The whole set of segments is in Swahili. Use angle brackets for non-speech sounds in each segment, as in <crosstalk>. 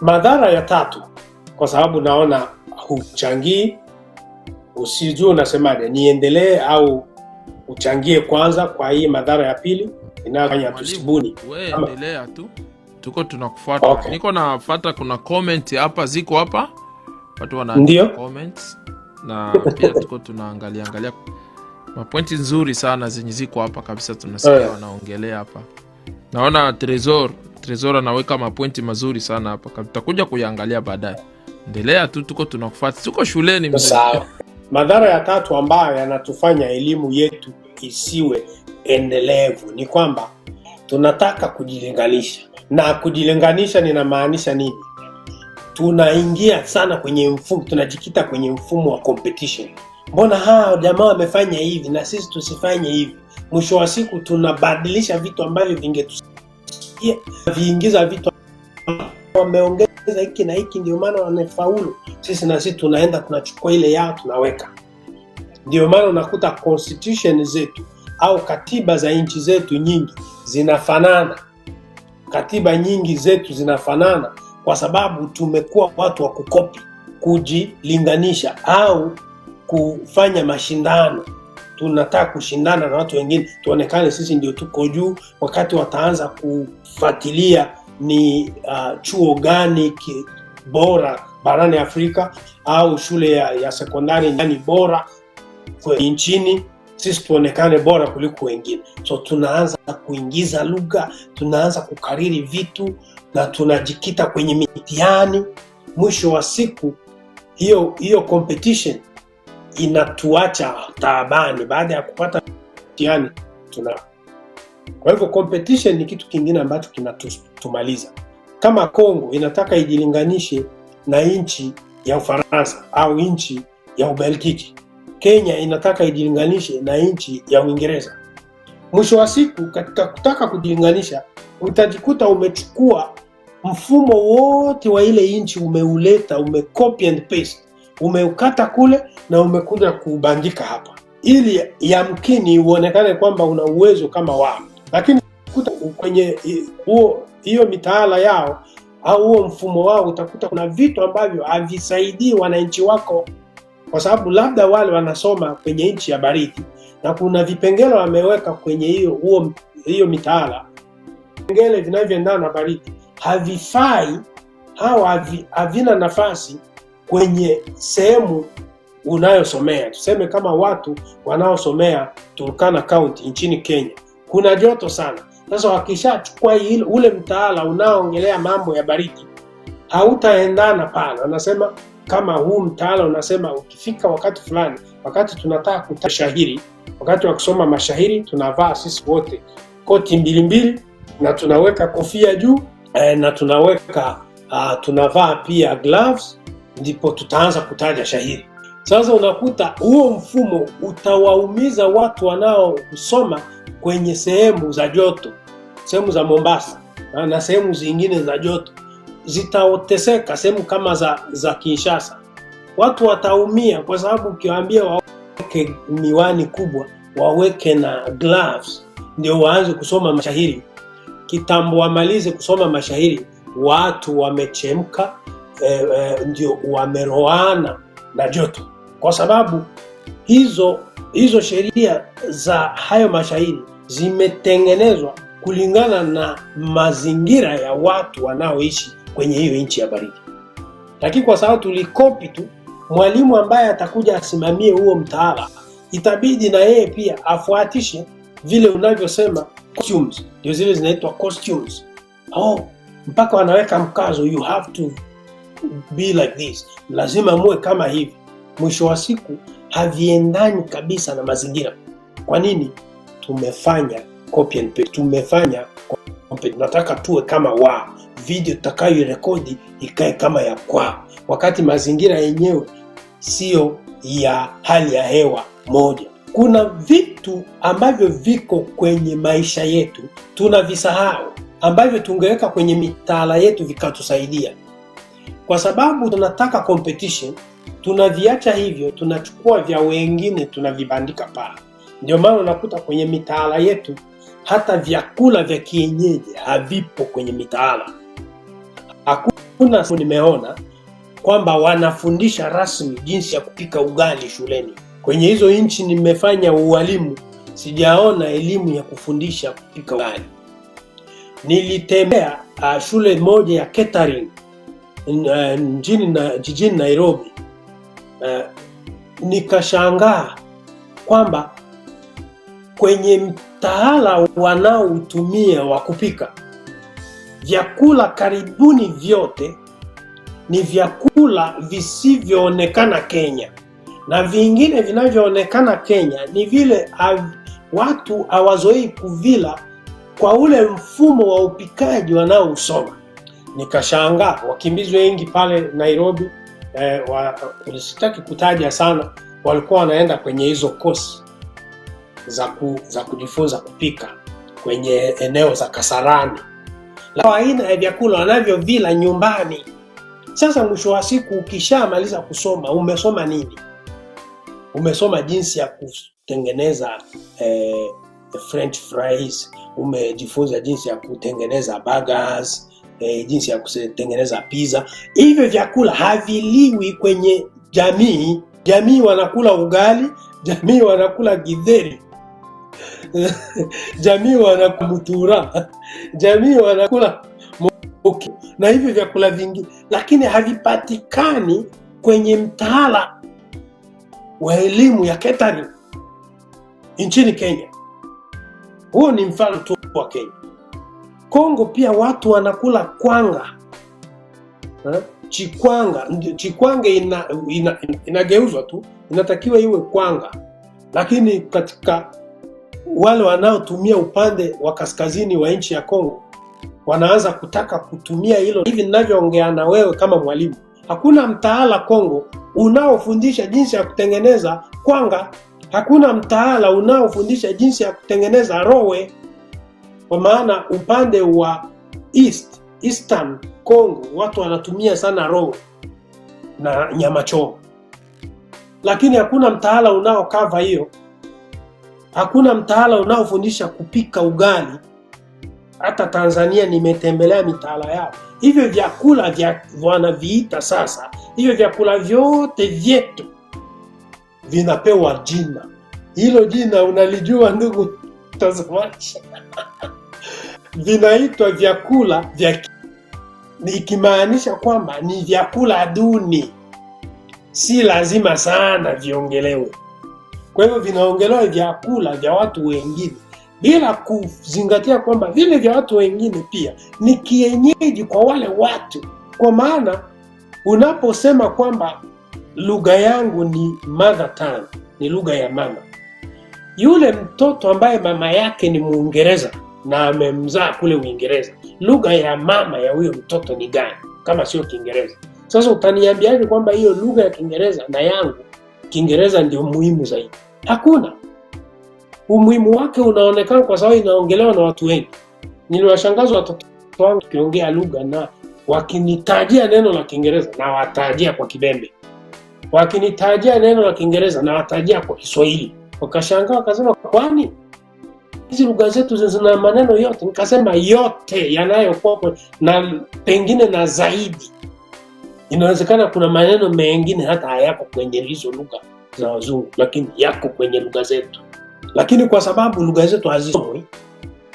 Madhara ya tatu, kwa sababu naona huchangii, usijue unasemaje, niendelee au uchangie kwanza kwa hii madhara ya pili inayofanya tusibuni. endelea tu, tuko tunakufuata. Okay. Niko nafuata, kuna comment hapa ziko hapa, watu wana comments na pia tuko tunaangalia angalia mapointi nzuri sana zenye ziko hapa kabisa, tunasikia eh. wanaongelea hapa. Naona Trezor Trezor anaweka mapointi mazuri sana hapa, tutakuja kuyaangalia baadaye. Endelea tu, tuko tunakufuata, tuko shuleni. Madhara ya tatu ambayo yanatufanya elimu yetu isiwe endelevu ni kwamba tunataka kujilinganisha, na kujilinganisha ninamaanisha nini? Tunaingia sana kwenye mfumo, tunajikita kwenye mfumo wa competition. Mbona hao jamaa wamefanya hivi na sisi tusifanye hivi? mwisho wa siku tunabadilisha vitu ambavyo vingetusaidia, viingiza vitu wameongeza hiki na hiki, ndio maana wamefaulu. Sisi na sisi tunaenda tunachukua ile yao tunaweka. Ndio maana unakuta constitution zetu au katiba za nchi zetu nyingi zinafanana, katiba nyingi zetu zinafanana kwa sababu tumekuwa watu wa kukopi, kujilinganisha au kufanya mashindano tunataka kushindana na watu wengine, tuonekane sisi ndio tuko juu, wakati wataanza kufuatilia ni uh, chuo gani bora barani Afrika au shule ya, ya sekondari ni bora nchini sisi tuonekane bora kuliko wengine. So tunaanza kuingiza lugha, tunaanza kukariri vitu na tunajikita kwenye mitihani. Mwisho wa siku hiyo hiyo competition inatuacha taabani baada ya kupata mtihani tuna. Kwa hivyo competition ni kitu kingine ambacho kinatumaliza. Kama Kongo inataka ijilinganishe na nchi ya Ufaransa au nchi ya Ubelgiji, Kenya inataka ijilinganishe na nchi ya Uingereza. Mwisho wa siku, katika kutaka kujilinganisha, utajikuta umechukua mfumo wote wa ile nchi umeuleta, ume and paste umeukata kule na umekuja kubandika hapa, ili yamkini uonekane kwamba una uwezo kama wao, lakini kuta kwenye huo hiyo mitaala yao au huo mfumo wao, utakuta kuna vitu ambavyo havisaidii wananchi wako, kwa sababu labda wale wanasoma kwenye nchi ya baridi na kuna vipengele wameweka kwenye hiyo huo hiyo mitaala, vipengele vinavyoendana na baridi havifai hawa havina nafasi kwenye sehemu unayosomea. Tuseme kama watu wanaosomea Turkana County nchini Kenya, kuna joto sana. Sasa wakishachukua ule mtaala unaoongelea mambo ya baridi, hautaendana pale. Wanasema kama huu mtaala unasema ukifika wakati fulani, wakati tunataka kutashahiri, wakati wa kusoma mashahiri, tunavaa sisi wote koti mbili mbili na tunaweka kofia juu eh, na tunaweka uh, tunavaa pia gloves ndipo tutaanza kutaja shahidi. Sasa unakuta huo mfumo utawaumiza watu wanaosoma kwenye sehemu za joto, sehemu za Mombasa na sehemu zingine za joto zitaoteseka Sehemu kama za, za Kinshasa watu wataumia, kwa sababu ukiwaambia waweke miwani kubwa, waweke na gloves, ndio waanze kusoma mashahiri kitambo, wamalize kusoma mashahiri, watu wamechemka eh, eh, ndio wameroana na joto, kwa sababu hizo hizo sheria za hayo mashairi zimetengenezwa kulingana na mazingira ya watu wanaoishi kwenye hiyo nchi ya baridi. Lakini kwa sababu tulikopi tu, mwalimu ambaye atakuja asimamie huo mtaala itabidi na yeye pia afuatishe vile unavyosema costumes, ndio zile zinaitwa costumes. Oh, mpaka wanaweka mkazo you have to be like this, lazima muwe kama hivi. Mwisho wa siku haviendani kabisa na mazingira. Kwa nini? Tumefanya copy and paste, tumefanya copy. Nataka tuwe kama wa video tutakayorekodi ikae kama ya kwa, wakati mazingira yenyewe siyo ya hali ya hewa moja. Kuna vitu ambavyo viko kwenye maisha yetu tunavisahau, ambavyo tungeweka kwenye mitaala yetu vikatusaidia. Kwa sababu tunataka competition, tunaviacha hivyo, tunachukua vya wengine tunavibandika paa. Ndio maana unakuta kwenye mitaala yetu hata vyakula vya kienyeji havipo kwenye mitaala. Hakuna nimeona kwamba wanafundisha rasmi jinsi ya kupika ugali shuleni. Kwenye hizo nchi nimefanya ualimu, sijaona elimu ya kufundisha kupika ugali. Nilitembea uh, shule moja ya catering na jijini Nairobi nikashangaa kwamba kwenye mtaala wanaoutumia wa kupika vyakula karibuni vyote ni vyakula visivyoonekana Kenya, na vingine vinavyoonekana Kenya ni vile av, watu hawazoei kuvila kwa ule mfumo wa upikaji wanaousoma nikashangaa wakimbizi wengi pale Nairobi eh, wa, sitaki kutaja sana, walikuwa wanaenda kwenye hizo kosi za, ku, za kujifunza kupika kwenye eneo za Kasarani, aina ya vyakula wanavyovila nyumbani. Sasa mwisho wa siku ukishamaliza kusoma umesoma nini? Umesoma jinsi ya kutengeneza eh, french fries, umejifunza jinsi ya kutengeneza burgers eh, jinsi ya kutengeneza pizza. Hivyo vyakula haviliwi kwenye jamii. Jamii wanakula ugali, jamii wanakula githeri <laughs> jamii wanakula mutura, jamii wanakula moki na hivyo vyakula vingi, lakini havipatikani kwenye mtaala wa elimu ya catering nchini Kenya. Huo ni mfano tu wa Kenya. Kongo pia watu wanakula kwanga ha? Chikwanga, chikwanga inageuzwa ina, ina, ina tu, inatakiwa iwe kwanga, lakini katika wale wanaotumia upande wa kaskazini wa nchi ya Kongo wanaanza kutaka kutumia hilo. Hivi ninavyoongea na wewe kama mwalimu, hakuna mtaala Kongo unaofundisha jinsi ya kutengeneza kwanga, hakuna mtaala unaofundisha jinsi ya kutengeneza rowe. Kwa maana upande wa east, Eastern Congo watu wanatumia sana roho na nyama choma, lakini hakuna mtaala unaokava hiyo. Hakuna mtaala unaofundisha kupika ugali. Hata Tanzania nimetembelea mitaala yao, hivyo vyakula vya wanaviita sasa, hivyo vyakula vyote vyetu vinapewa jina. Hilo jina unalijua ndugu mtazamaji, <laughs> vinaitwa vyakula vya ikimaanisha kwamba ni vyakula duni, si lazima sana viongelewe. Kwa hivyo vinaongelewa vyakula vya watu wengine bila kuzingatia kwamba vile vya watu wengine pia ni kienyeji kwa wale watu. Kwa maana unaposema kwamba lugha yangu ni mother tongue, ni lugha ya mama yule mtoto ambaye mama yake ni Muingereza na amemzaa kule Uingereza, lugha ya mama ya huyo mtoto ni gani kama sio Kiingereza? Sasa utaniambiaje kwamba hiyo lugha ya Kiingereza na yangu Kiingereza ndio muhimu zaidi? Hakuna umuhimu wake unaonekana, kwa sababu inaongelewa na watu wengi. niliwashangaza watoto wangu tukiongea lugha na wakinitajia neno la Kiingereza na watajia kwa Kibembe, wakinitajia neno la Kiingereza na watajia kwa Kiswahili wakashangaa wakasema, kwani hizi lugha zetu zina maneno yote? Nikasema yote yanayokuwa na pengine na zaidi. Inawezekana kuna maneno mengine hata hayako kwenye hizo lugha za wazungu, lakini yako kwenye lugha zetu, lakini kwa sababu lugha zetu hazisomwi,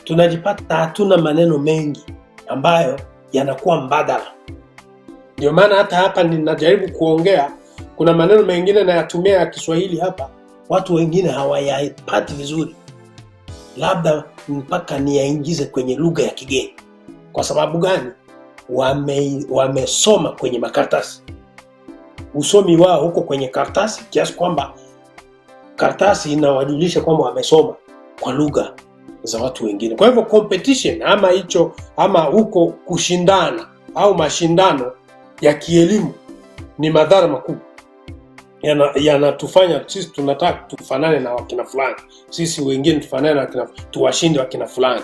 tunajipata hatuna maneno mengi ambayo yanakuwa mbadala. Ndio maana hata hapa ninajaribu kuongea, kuna maneno mengine nayatumia ya Kiswahili hapa watu wengine hawayapati vizuri, labda mpaka niyaingize kwenye lugha ya kigeni. Kwa sababu gani? Wame, wamesoma kwenye makaratasi, usomi wao huko kwenye karatasi, kiasi kwamba karatasi inawajulisha kwamba wamesoma kwa lugha za watu wengine. Kwa hivyo competition ama hicho ama huko kushindana au mashindano ya kielimu ni madhara makubwa yanatufanya yana sisi tunataka tufanane na wakina fulani, sisi wengine tufanane na wakina, tuwashinde wakina fulani.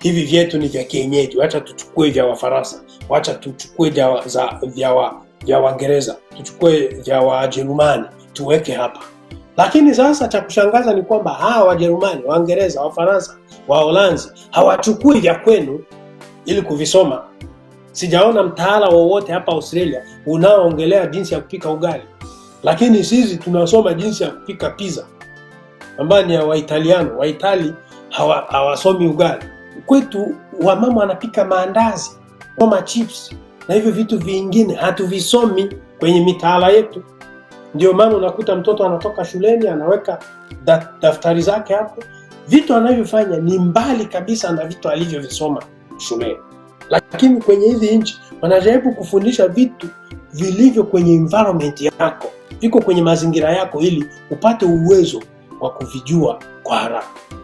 Hivi vyetu ni vya kienyeji, wacha tuchukue vya Wafaransa, wacha tuchukue vya Waingereza wa tuchukue vya Wajerumani tuweke hapa. Lakini sasa cha kushangaza ni kwamba hawa Wajerumani, Waingereza, Wafaransa, Waholanzi hawachukui vya kwenu ili kuvisoma. Sijaona mtaala wowote hapa Australia unaoongelea jinsi ya kupika ugali lakini sisi tunasoma jinsi ya kupika pizza ambayo ni ya Waitaliano. Waitali hawasomi ugali. Kwetu wamama wanapika maandazi kama chips na hivyo vitu vingine hatuvisomi kwenye mitaala yetu. Ndio maana unakuta mtoto anatoka shuleni anaweka da, daftari zake hapo, vitu anavyofanya ni mbali kabisa na vitu alivyovisoma shuleni, lakini kwenye hizi nchi wanajaribu kufundisha vitu vilivyo kwenye environment yako viko kwenye mazingira yako ili upate uwezo wa kuvijua kwa haraka.